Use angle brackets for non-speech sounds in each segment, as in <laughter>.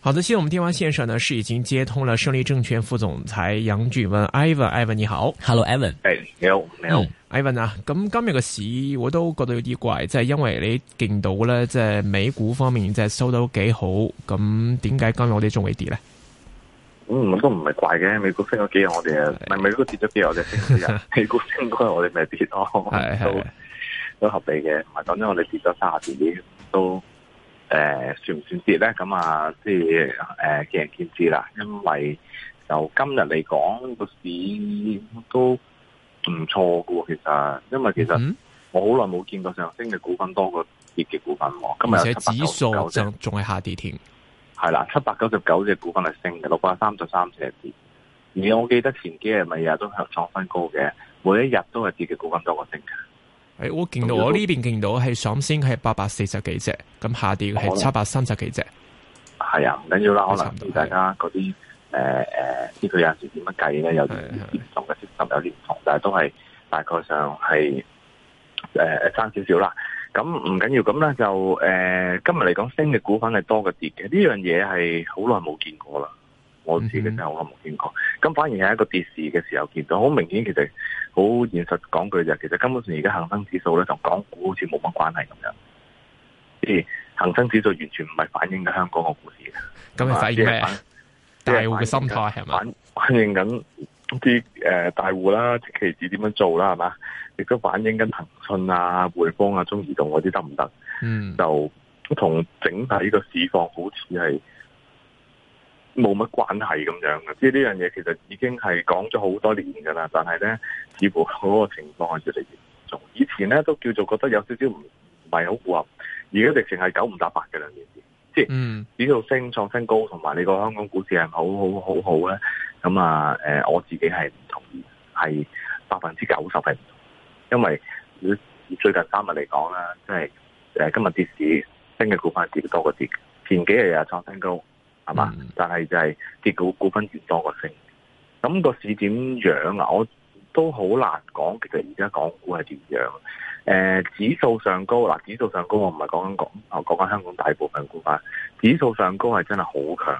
好的，首先我們電話線上呢是已經接通了勝利證券副總裁楊俊文，Ivan，Ivan 你好，Hello，Ivan，哎，好，好，Ivan 啊，咁今日嘅市我都覺得有啲怪，即係因為你見到咧，即係美股方面即係收到幾好，咁點解今日我哋仲會跌咧？嗯，咁都唔係怪嘅，美股升咗幾日，我哋啊，唔係美股跌咗幾日嘅，升咗美股應該我哋咪跌咯，係都合理嘅，唔係講真，我哋跌咗三十點點都。誒，算唔算跌咧？咁啊、就是，即係誒，人見仁見智啦。因為就今日嚟講，個市都唔錯嘅喎，其實。因為其實我好耐冇見過上升嘅股份多過跌嘅股份。今日而且指數就仲係下跌添。係啦，七百九十九隻股份係升嘅，六百三十三隻跌。而我記得前幾日咪日日都係創新高嘅，每一日都係跌嘅股份多過升嘅。誒、哎，我見到我呢邊見到係上先係八百四十幾隻，咁下跌係係七百三十幾隻。係啊，唔緊要啦，我不能大家嗰啲誒誒，呃呃這個，呢佢有陣時點樣計咧，有啲唔同嘅知識有啲唔同，但係都係大概上係誒爭少少啦。咁唔緊要，咁咧就誒、呃、今日嚟講升嘅股份係多過跌嘅，呢樣嘢係好耐冇見過啦。我自己就我冇見過，咁、嗯嗯、反而係一個跌市嘅時候見到，好明顯其實。好現實講句就，其實根本上而家恒生指數咧，同港股好似冇乜關係咁樣，即係恆生指數完全唔係反映緊香港個股市。咁咁反映咩？呃，大戶嘅心態係咪反映緊啲大戶啦，即期指點樣做啦係嘛？亦都反映緊騰訊啊、匯豐啊、中移動嗰啲得唔得？行行，嗯，就同整體個市況好似係。冇乜關係咁樣嘅，即係呢樣嘢其實已經係講咗好多年噶啦，但係咧，似乎嗰個情況係越嚟越嚴重。以前咧都叫做覺得有少少唔唔係好符合，而家直情係九唔搭八嘅兩件事，即係指數升創新高，同埋你個香港股市係好好好好咧。咁啊，誒、呃，我自己係唔同意，係百分之九十係唔同，因為最近三日嚟講啦，即係誒、呃、今日跌市升嘅股份跌多嗰跌，前幾日又創新高。係嘛？但係就係結果股份遠多過升，咁個市點樣啊？我都好難講。其實而家港股係點樣？誒、呃，指數上高嗱，指數上高我唔係講香講我講緊香港大部分股份。指數上高係真係好強，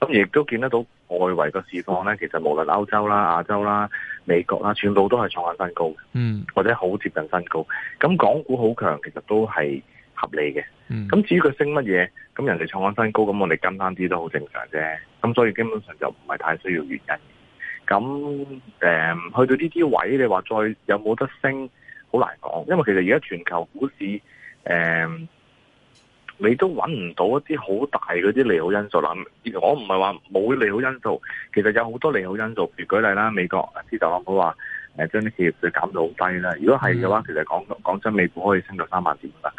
咁亦都見得到外圍個市況咧。其實無論歐洲啦、亞洲啦、美國啦，全部都係創下新高。嗯，或者好接近新高。咁港股好強，其實都係。合理嘅，咁至於佢升乜嘢，咁人哋創下新高，咁我哋跟翻啲都好正常啫。咁所以基本上就唔係太需要原因。咁誒、呃，去到呢啲位，你話再有冇得升，好難講。因為其實而家全球股市誒、呃，你都揾唔到一啲好大嗰啲利好因素啦。我唔係話冇利好因素，其實有好多利好因素。譬如舉例啦，美國啲投行好話將啲企業稅減到好低啦。如果係嘅話，嗯、其實講講真，美股可以升到三萬點得。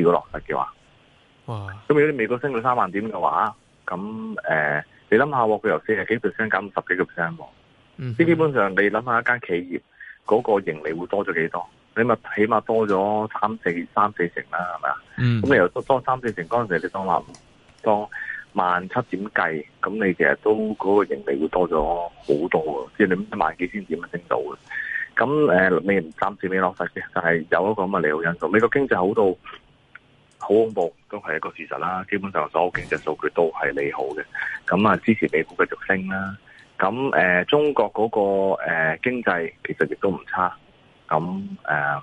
如果落實嘅話，哇！咁如果你美股升到三萬點嘅話，咁誒、呃，你諗下喎，佢由四十幾 percent 減到十幾個 percent 喎，即、嗯嗯、基本上你諗下一間企業嗰、嗰個盈利會多咗幾多？你咪起碼多咗三四三四成啦，係咪啊？咁、嗯、你又多三四成，嗰陣時你當話當萬七點計，咁你其實都嗰、嗰個盈利會多咗好多嘅，即係你萬幾千點升到嘅。咁誒，你暫時未落實嘅，但係有一個咁嘅利好因素。美國經濟好到～好恐怖都係一個事實啦，基本上所有嘅數據都係利好嘅，咁啊支持美股繼續升啦。咁誒、呃，中國嗰、那個誒、呃、經濟其實亦都唔差，咁誒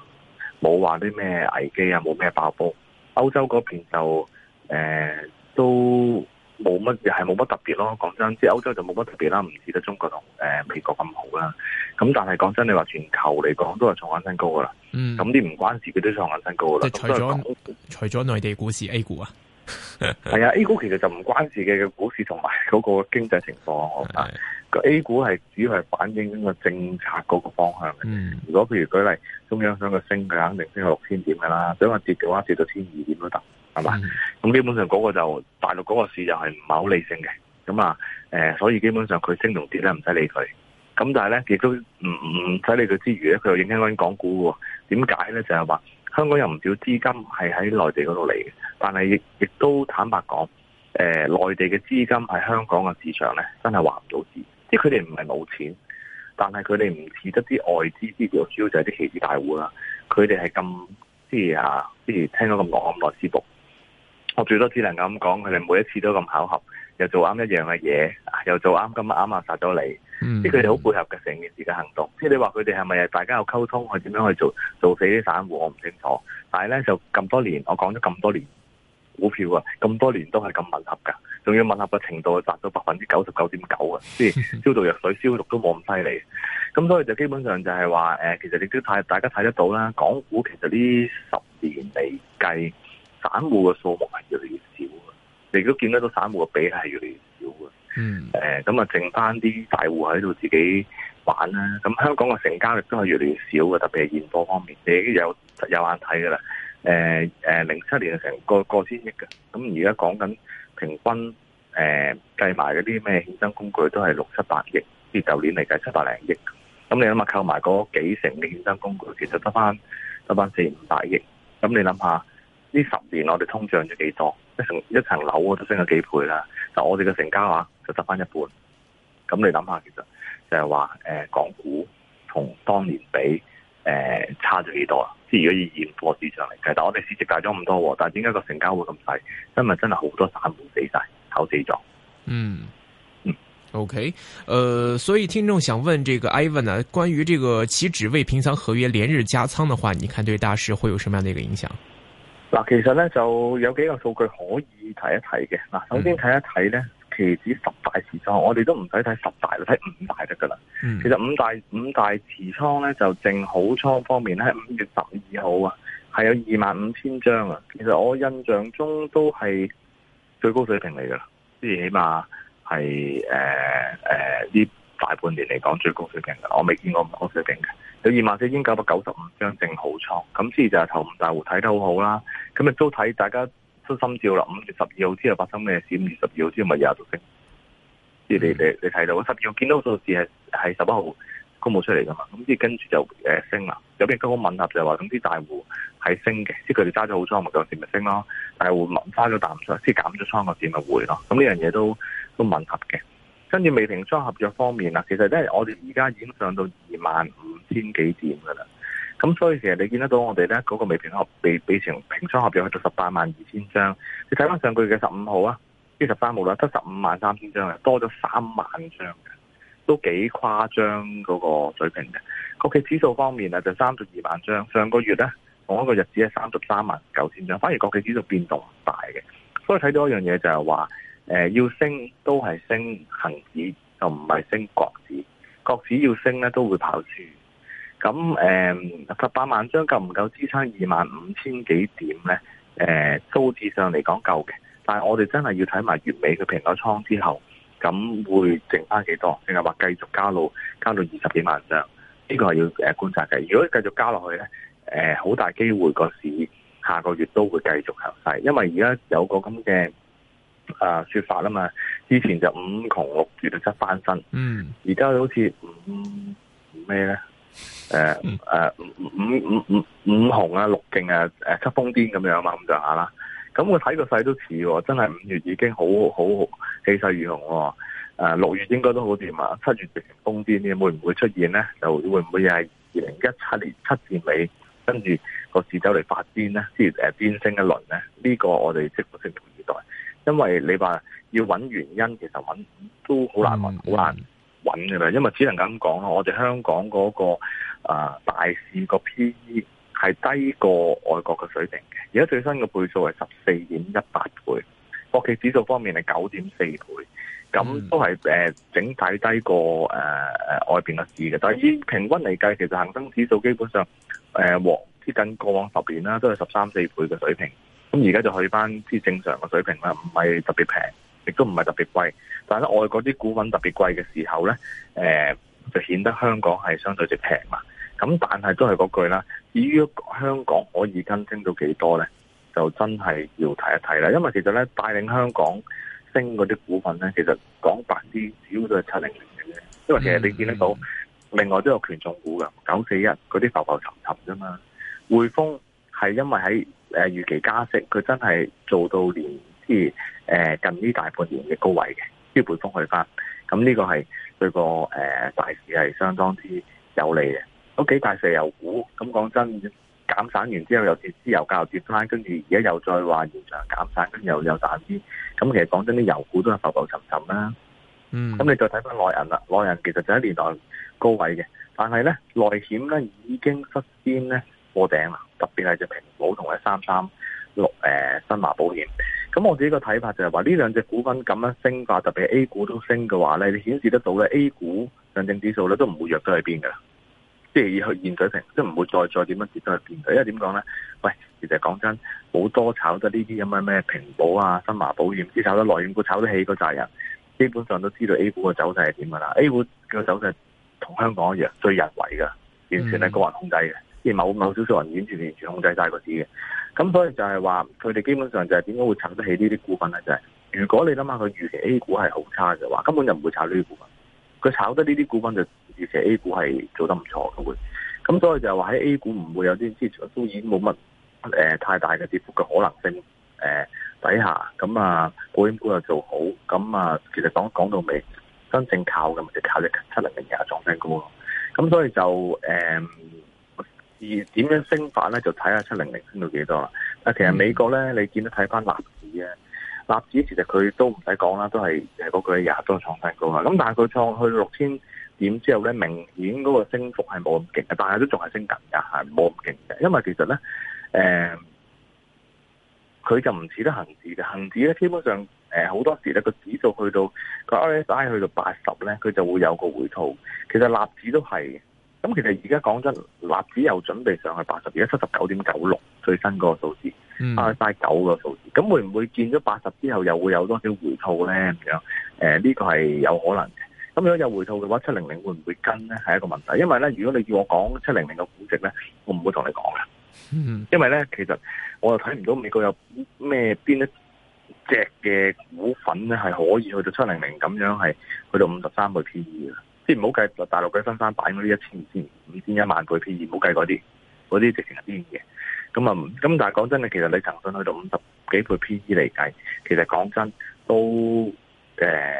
冇話啲咩危機啊，冇咩爆煲。歐洲嗰邊就誒、呃、都。冇乜嘢，又係冇乜特別咯。講真，即係歐洲就冇乜特別啦，唔似得中國同誒、呃、美國咁好啦。咁但係講真，你話全球嚟講，都係創緊新高噶啦。咁啲唔關事，佢都創緊新高噶啦、嗯。除咗除咗內地股市 A 股啊，係 <laughs> 啊，A 股其實就唔關事嘅股市，同埋嗰個經濟情況啊。我覺得 A 股係主要係反映呢個政策嗰個方向嘅。嗯、如果譬如舉例中央想佢升，佢肯定升到六千點噶啦。所以跌話跌嘅話，跌到千二點都得，係嘛、嗯？咁基本上嗰個就。大陸嗰個市又係唔係好理性嘅，咁啊，誒、呃，所以基本上佢升同跌咧唔使理佢，咁但係咧亦都唔唔使理佢之餘咧，佢又影響緊港股喎，點解咧就係、是、話香港有唔少資金係喺內地嗰度嚟嘅，但係亦亦都坦白講，誒、呃、內地嘅資金喺香港嘅市場咧真係話唔到事，即係佢哋唔係冇錢，但係佢哋唔似得啲外資啲嘅，主要就係啲旗子大戶啦，佢哋係咁即係啊，即係聽咗咁講咁耐師我最多只能咁講，佢哋每一次都咁巧合，又做啱一樣嘅嘢，又做啱咁啱啊殺咗你，即係佢哋好配合嘅成件事嘅行動。即係你話佢哋係咪大家有溝通，去點樣去做？做死啲散戶，我唔清楚。但係呢，就咁多年，我講咗咁多年股票啊，咁多年都係咁吻合噶，仲要吻合嘅程度係達到百分之九十九點九啊！ <laughs> 即係消毒藥水消毒都冇咁犀利。咁所以就基本上就係話誒，其實你都睇，大家睇得到啦。港股其實呢十年嚟計。散戶嘅數目係越嚟越少啊！你都見得到散戶嘅比例係越嚟越少啊！嗯，誒，咁啊，剩翻啲大戶喺度自己玩啦。咁、呃、香港嘅成交率都係越嚟越少嘅，特別係現貨方面，你已經有有眼睇噶啦。誒、呃、誒，零、呃、七年成個個千億嘅，咁而家講緊平均，誒計埋嗰啲咩衍生工具都係六七百億，啲舊年嚟計七百零億。咁、呃、你諗下，扣埋嗰幾成嘅衍生工具，其實得翻得翻四五百億。咁、呃、你諗下。呢十年我哋通脹咗幾多一層一層樓都升咗幾倍啦，但我哋嘅成交啊就得翻一半。咁你諗下，其實就係話誒，港股同當年比誒、呃、差咗幾多啊？即係如果以現貨市場嚟計，但我哋市值大咗咁多，但係點解個成交會咁細？因為真係好多散戶死晒，炒死咗。嗯嗯，OK，誒、呃，所以聽眾想問這個 Ivan 啊，關於這個期指未平倉合約連日加倉的話，你看對大市會有什麼樣的一個影響？嗱，其實咧就有幾個數據可以睇一睇嘅。嗱，首先睇一睇咧，期指十大持倉，我哋都唔使睇十大，睇五大得噶啦。嗯、其實五大五大持倉咧就淨好倉方面咧，喺五月十二號啊，係有二萬五千張啊。其實我印象中都係最高水平嚟噶啦，即係起碼係誒誒呢大半年嚟講最高水平喇。我未見過咁高水平嘅。有二萬四千九百九十五張淨好倉，咁之前就係頭五大戶睇得好好啦。咁啊都睇，大家都心照啦。咁五月十二號之後發生咩事？五月十二號之後咪又喺度升，即係你你你睇到十二號見到個數字係係十一號公佈出嚟㗎嘛？咁即係跟住就誒升啦。有邊個好吻合就係話，咁啲大戶係升嘅，即係佢哋揸咗好倉，咪個市咪升咯。大戶冧花咗啖水，即係減咗倉個市咪會咯。咁呢樣嘢都都吻合嘅。跟住未平倉合約方面啦，其實咧，我哋而家已經上到二萬五千幾點嘅啦。咁所以其實你見得到我哋咧嗰個未平倉比比前平倉合約去到十八萬二千張。你睇翻上個月嘅十五號啊，呢十三冇啦，得十五萬三千張嘅，多咗三萬張嘅，都幾誇張嗰個水平嘅。國企指數方面啊，就三十二萬張。上個月咧同一個日子係三十三萬九千張，反而國企指數變動唔大嘅。所以睇到一樣嘢就係話。誒，要升都係升恒指，就唔係升國指。國指要升咧，都會跑輸。咁誒，十、嗯、八萬張夠唔夠支撐二萬五千幾點咧？誒、嗯，數字上嚟講夠嘅，但係我哋真係要睇埋完，完美嘅平咗倉之後，咁會剩翻幾多？定係話繼續加路加到二十幾萬張？呢、這個係要誒觀察嘅。如果繼續加落去咧，誒、嗯，好大機會個市下個月都會繼續行勢，因為而家有個咁嘅。啊說法吖嘛，之前就五窮六絕七翻身，嗯，而家好似五咩咧？誒誒五五五五窮啊，五五五五紅六勁啊，誒七瘋癲咁樣嘛，咁就下啦。咁我睇個勢都似、哦，真係五月已經好好氣勢如虹、哦，誒、啊、六月應該都好掂啊，七月變成瘋癲，會唔會出現咧？就會唔會又係二零一七年七字尾，跟住個市走嚟發癲咧？即係誒癲升一輪咧？呢、這個我哋識唔識？因為你話要揾原因，其實揾都好難揾，好、嗯、難揾嘅啦。因為只能咁講咯，我哋香港嗰、嗰個啊、呃、大市個 P E 係低過外國嘅水平，而家最新嘅倍數係十四點一八倍，國企指數方面係九點四倍，咁都係誒、呃、整體低過誒誒、呃、外邊嘅市嘅。但係以平均嚟計，其實恒生指數基本上誒黃，即、呃、係近過往十年啦，都係十三四倍嘅水平。咁而家就去翻啲正常嘅水平啦，唔係特別平，亦都唔係特別貴。但係咧，外國啲股份特別貴嘅時候呢，誒、呃、就顯得香港係相對直平嘛。咁但係都係嗰句啦，至於香港可以跟升到幾多呢，就真係要睇一睇啦。因為其實呢，帶領香港升嗰啲股份呢，其實講白啲少都係七零零嘅啫。因為其實你見得到，另外都有權重股噶九四一嗰啲浮浮沉沉啫嘛。匯豐係因為喺。誒，預期加息，佢真係做到年，即、呃、係近呢大半年嘅高位嘅，基本風去翻，咁、嗯、呢、這個係對、這個誒、呃、大市係相當之有利嘅。咁幾大石油股，咁、嗯、講真，減散完之後又跌，石油價又跌翻，跟住而家又再話延長減散，跟住又又打啲，咁其實講真啲油股都係浮浮沉沉啦。嗯，咁你再睇翻內銀啦，內銀其實就一年代高位嘅，但係咧內險咧已經率先咧。破頂啦，特別係隻平保同埋三三六，誒新華保險。咁我自己個睇法就係話，呢兩隻股份咁樣升價，特別 A 股都升嘅話咧，你顯示得到咧 A 股上證指數咧都唔會弱咗去邊噶，即係去現水平，都唔會再再點樣跌得去邊。因為點講咧？喂，其實講真，冇多炒得呢啲咁嘅咩平保啊、新華保險，只炒得內險股炒得起個責任，基本上都知道 A 股嘅走勢係點噶啦。A 股嘅走勢同香港一樣，最人為噶，完全係個人控制嘅。即係某某少數人完全完全控制晒個市嘅，咁所以就係話佢哋基本上就係點解會炒得起呢啲股份咧？就係如果你諗下佢預期 A 股係好差嘅話，根本就唔會炒呢啲股份。佢炒得呢啲股份，就預期 A 股係做得唔錯嘅會。咁所以就係話喺 A 股唔會有啲即係都已經冇乜誒太大嘅跌幅嘅可能性誒底下，咁啊保險股又做好，咁啊其實講講到尾真正靠嘅咪就靠呢七零零廿撞生高咯。咁所以就、嗯而點樣升法咧，就睇下七零零升到幾多啦。其實美國咧，你見得睇翻納指咧，納指、嗯、其實佢都唔使講啦，都係嗰句廿多創新高啊。咁但係佢創去六千點之後咧，明顯嗰個升幅係冇咁勁，但係都仲係升緊嘅，係冇咁勁嘅，因為其實咧，誒、呃，佢就唔似得恆指嘅恆指咧，基本上、呃、好多時咧個指數去到個 RSI 去到八十咧，佢就會有個回吐。其實納指都係。咁其實而家講真，納指又準備上去八十，而家七十九點九六最新嗰個數字，拉曬九個數字。咁會唔會見咗八十之後又會有多少回吐咧？咁樣誒，呢個係有可能嘅。咁如果有回吐嘅話，七零零會唔會跟咧？係一個問題。因為咧，如果你叫我講七零零嘅估值咧，我唔會同你講嘅。因為咧，其實我又睇唔到美國有咩邊一隻嘅股份咧，係可以去到七零零咁樣係去到五十三倍 P E 嘅。即係唔好計大陸嗰分翻版嗰啲一千、千五、千一萬倍 P E，唔好計嗰啲，啲直情係癲嘅。咁啊，咁但係講真嘅，其實你騰訊去到五十幾倍 P E 嚟計，其實講真都誒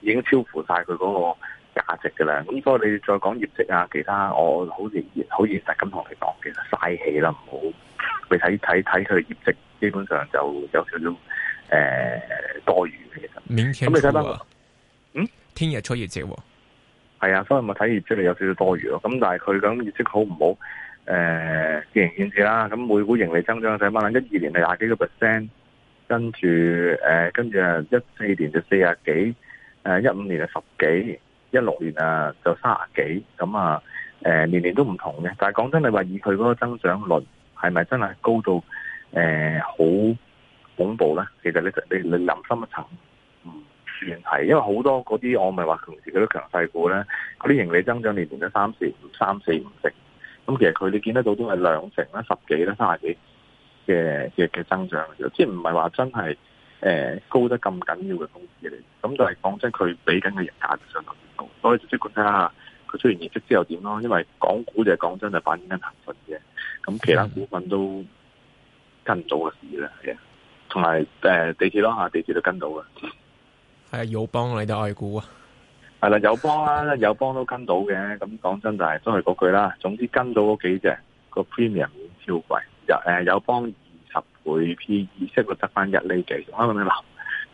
已經超乎晒佢嗰個價值噶啦。咁所以你再講業績啊，其他我好現實，好現實咁同你講，其實嘥氣啦，唔好你睇睇睇佢業績，基本上就有少少誒多餘嘅。咁你睇翻個嗯，聽日出業績。係啊，所以咪睇業績嚟有少少多餘咯。咁但係佢咁業績好唔好？誒、呃，見仁見智啦。咁每股盈利增長睇翻啦，一二年係廿幾個 percent，跟住誒，跟住一四年就四啊幾，誒一五年就十幾，一六年啊就卅幾。咁啊誒、呃，年年都唔同嘅。但係講真，你話以佢嗰個增長率，係咪真係高到誒好、呃、恐怖咧？其實你你你諗深一層。算係，因為好多嗰啲我咪話同時佢都強勢股咧，嗰啲盈利增長年年都三成、三四五成，咁其實佢哋見得到都係兩成啦、十幾啦、三十幾嘅嘅嘅增長嘅，即係唔係話真係誒、欸、高得咁緊要嘅公司嚟，咁就係講真，佢俾緊嘅溢價就相當之高，所以就即管睇下佢出完業績之後點咯，因為港股就係講真係反映緊騰訊嘅，咁其他股份都跟唔到嘅市啦，係啊，同埋誒地鐵咯，吓地鐵都跟到嘅。係、哎、 <laughs> 啊，友邦你都愛估啊，係啦，友邦啦，友邦都跟到嘅。咁講真就係都係嗰句啦。總之跟到嗰幾隻個 premium 已經超貴。又誒，友邦二十倍 P E，即係得翻一厘幾。我問你諗，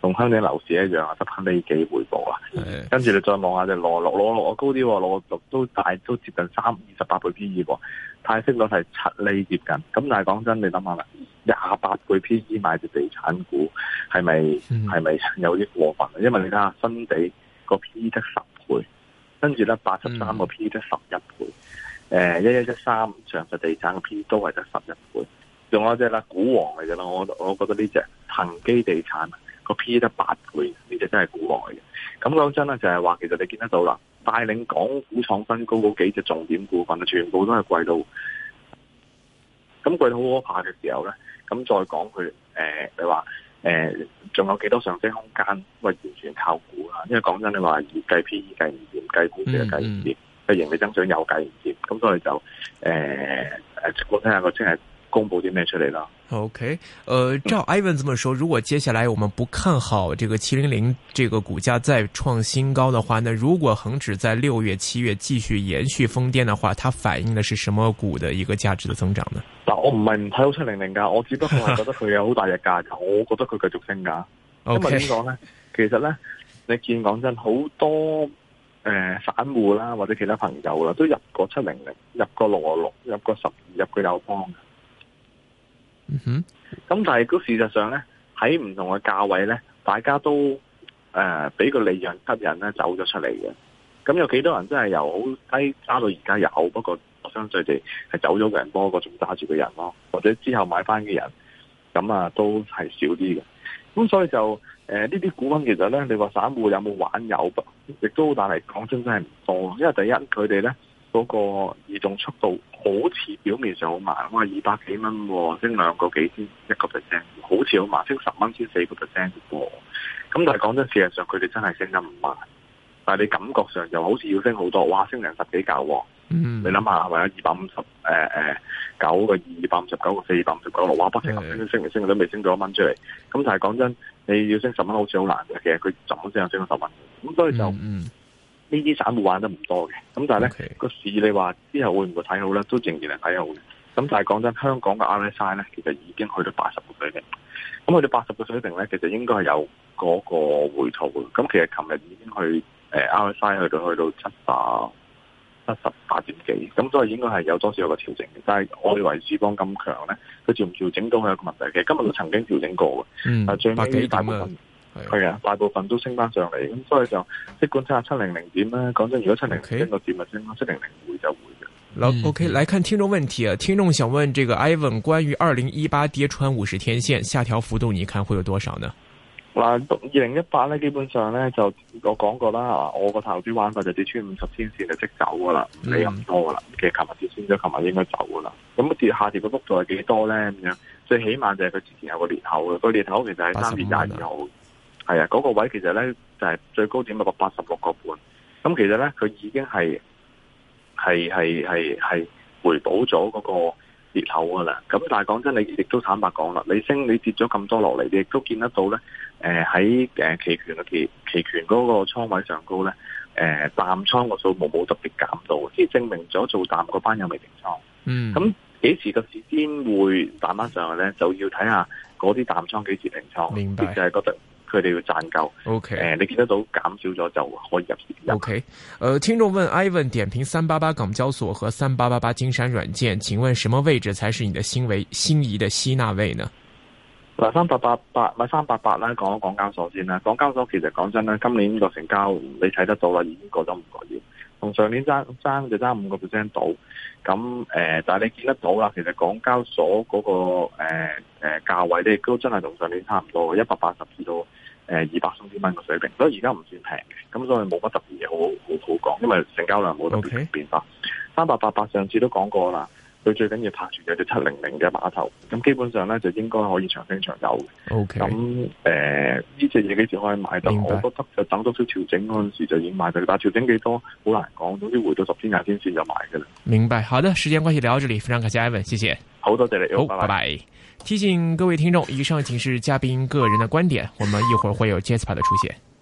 同香港樓市一樣啊，得翻呢幾回報啊。的跟住你再望下就羅樂，羅樂我高啲，羅樂都大都接近三二十八倍 P E，太息率係七厘接近。咁但係講真，你諗下啦。廿八倍 P E 買隻地產股係咪係咪有啲過分啊？嗯、因為你睇下新地個 P E 得十倍，跟住咧八十三個 P E 得十一倍，誒一一一三長實地產個 P E 都係得十一倍。仲有隻啦，股王嚟嘅啦，我我覺得呢隻恒基地產個 P E 得八倍，呢隻真係股王嚟嘅。咁講真啦，就係話其實你見得到啦，帶領港股創新高嗰幾隻重點股份啊，全部都係貴到。咁佢好可怕嘅時候咧，咁再講佢，誒、呃，你話，誒、呃，仲有幾多上升空間？喂，完全靠估啦，因為講真，你話二計 P E 計唔掂，計股值計唔掂，計營業增長又計唔掂，咁所以就，誒、呃，誒，我聽下個即係公佈啲咩出嚟啦。O、okay. K，呃，照 Ivan 這麼說，如果接下來我們不看好這個七零零這個股價再創新高的話，那如果恒指在六月、七月繼續延續瘋癲的話，它反映的是什麼股的一個價值的增長呢？嗱，我唔係唔睇好七零零噶，我只不過係覺得佢有好大溢價， <laughs> 我覺得佢繼續升價。因為點講咧，其實咧，你見講真，好多誒散、呃、戶啦，或者其他朋友啦，都入過七零零，入過六六六，入過十二，入過友邦。嗯哼，咁但係嗰事實上咧，喺唔同嘅價位咧，大家都誒俾、呃、個利潤吸引咧走咗出嚟嘅。咁、嗯、有幾多人真係由好低揸到而家有？不過我相信哋係走咗嘅人多過仲揸住嘅人咯，或者之後買翻嘅人，咁啊都係少啲嘅。咁所以就誒呢啲股份其實咧，你話散戶有冇玩有？亦都但係講真真係唔多，因為第一佢哋咧嗰個移動速度。好似表面上好慢，哇二百幾蚊升兩個幾先一個 percent，好似好慢，升十蚊先四個 percent 喎。咁、哦、但係講真，事實上佢哋真係升得唔慢，但係你感覺上又好似要升好多，哇！升零十幾嚿、哦，嗯、mm，hmm。你諗下係咪啊？二百五十，誒誒，九個二百五十九個四百五十九六，哇！不停升升升，未升，升，升到一蚊出嚟。咁但係講真，你要升十蚊好似好難嘅，其實佢就好似有升咗十蚊，咁所以就嗯。Mm hmm. 呢啲散戶玩得唔多嘅，咁但係咧個市你話之後會唔會睇好咧？都仍然係睇好嘅。咁但係講真，香港嘅 RSI 咧，其實已經去到八十嘅水平。咁去到八十嘅水平咧，其實應該係有嗰個回吐嘅。咁其實琴日已經去誒、呃、RSI 去到去到七啊七十八點幾，咁所以應該係有多少有個調整嘅。但係以圍市況咁強咧，佢調唔調整都係一個問題。其實今日都曾經調整過嘅。嗯、啊，最尾大部分。嗯係啊，大部分都升翻上嚟，咁所以就，即管睇下七零零點啦。講真，如果七零零升個點，咪升翻七零零，會就會嘅。嗱、嗯、OK，嚟看聽眾問題啊！聽眾想問這個 Ivan 關於二零一八跌穿五十天線下調幅度，你看會有多少呢？嗱，二零一八咧，基本上咧就我講過啦，我個投資玩法就跌穿五十天線就即走噶啦，唔理咁多噶啦。嗯、其實琴日跌穿咗，琴日應該走噶啦。咁跌下跌個幅度係幾多咧？咁樣，最起碼就係佢之前有個年頭嘅，佢、那個、年頭其實係三月廿二號。係啊，嗰、那個位其實咧就係、是、最高點六百八十六個半，咁其實咧佢已經係係係係係回補咗嗰個裂口噶啦。咁但係講真，你亦都坦白講啦，你升你跌咗咁多落嚟，你亦都見得到咧。誒喺誒期權嘅期期權嗰個倉位上高咧，誒、呃、淡倉個數冇冇特別減到，即係證明咗做淡嗰班有未平倉。嗯。咁幾時嗰時先會彈翻上去咧？就要睇下嗰啲淡倉幾時平倉。明白就係覺得。佢哋要賺夠，OK？誒、呃，你見得到減少咗就可以入市。OK？誒、呃，聽眾問，Ivan 點評三八八港交所和三八八八金山軟件，請問什麼位置才是你的心為心儀的吸納位呢？嗱，三八八八咪三八八啦，講咗港交所先啦。港交所其實講真啦，今年個成交你睇得到啦，已經過咗五個月。同上年爭爭就爭五個 percent 到。咁誒，但係、呃、你見得到啦，其實港交所嗰、那個誒誒、呃呃、價位咧都真係同上年差唔多，一百八十至到。誒，二百三千蚊嘅水平，現在不所以而家唔算平嘅，咁所以冇乜特別嘢好好好講，因為成交量冇特別變化，三百八八上次都講過啦。佢最緊要拍住有啲七零零嘅碼頭，咁基本上咧就應該可以長線長久嘅。O K，咁誒呢隻嘢幾時可以買到？白我覺得就等多少調整嗰陣時候就已經買到，但係調整幾多好難講，總之回到十天廿天先就買嘅啦。明白，好的，時間關係聊到這裏，非常感謝 Ivan，謝謝，好多謝你，好，拜拜。提醒各位聽眾，以上只是嘉賓個人的觀點，我們一會兒會有 Jasper 的出現。